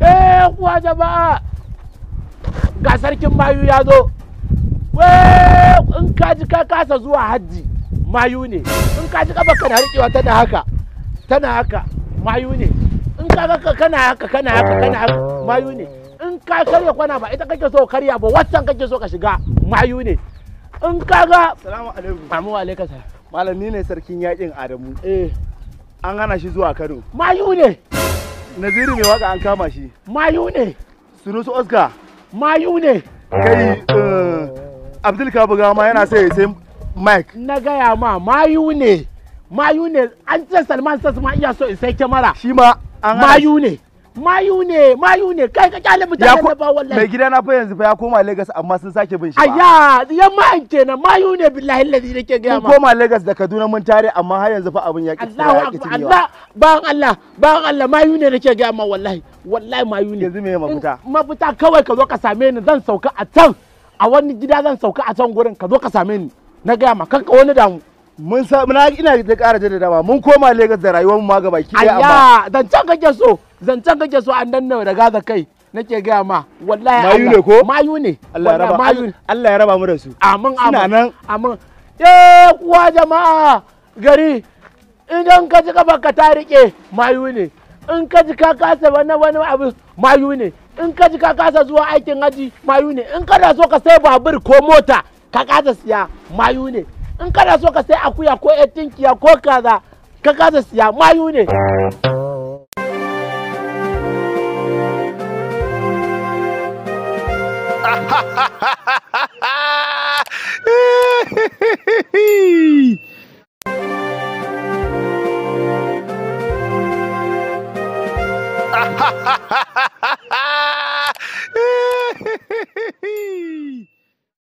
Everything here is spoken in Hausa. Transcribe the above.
eh kuwa jama'a ga sarkin mayu ya zo in ka ji ka kasa zuwa hajji mayu ne in ka ji kafa na riƙewa tana haka tana haka mayu ne in ka kaka kana haka kana haka kana haka mayu ne in ka karya kwana ba ita kake so karya ba waccan kake so ka shiga mayu ne in ka ga salamu alaikum amu alaikum malam ni ne sarkin yaƙin adamu eh an hana shi zuwa kano mayu ne Naziru ne waka an kama shi. Mayu ne. Sunusu Oscar. Mayu ne. Kai eh, Abdul Kabuga ma yana sai sai Mike. Na gaya ma Mayu ne. Mayu ne an ce Salman Sassu ma iya so isai sai kyamara. Shi ma an Mayu ne. mayu ne mayu ne kai ka kyale mutanen da ba wallahi mai gida na fa yanzu fa ya koma Lagos amma sun sake bin shi ayya yan ma an kenan mayu ne billahi allazi nake ga ma koma Lagos da Kaduna mun tare amma har yanzu fa abin ya ki Allah Allah ban Allah ban Allah mayu ne nake ga ma wallahi wallahi mayu ne yanzu me mafita mafita kawai ka zo ka same ni zan sauka a can a wani gida zan sauka a can gurin ka zo ka same ni na ga ma kanka wani damu mun sa muna ina da ƙara dama mun koma Lagos da rayuwar mu ma gaba ki amma zancen kake so zancen kake so an danna da gaza kai nake gaya ma wallahi mayu ne ko mayu ne Allah ya raba mayu Allah ya raba mu da su amin amin nan amin eh kuwa jama'a gari idan ka ji kafa ka ta rike mayu ne in ka ji ka kasa wani wani abu mayu ne in ka ji ka kasa zuwa aikin haji mayu ne in da so ka sai babur ko mota ka kasa siya mayu ne in kana so ka sai akuya ko etinkiya ko kaza ka kasa siya mayu ne ha ha ha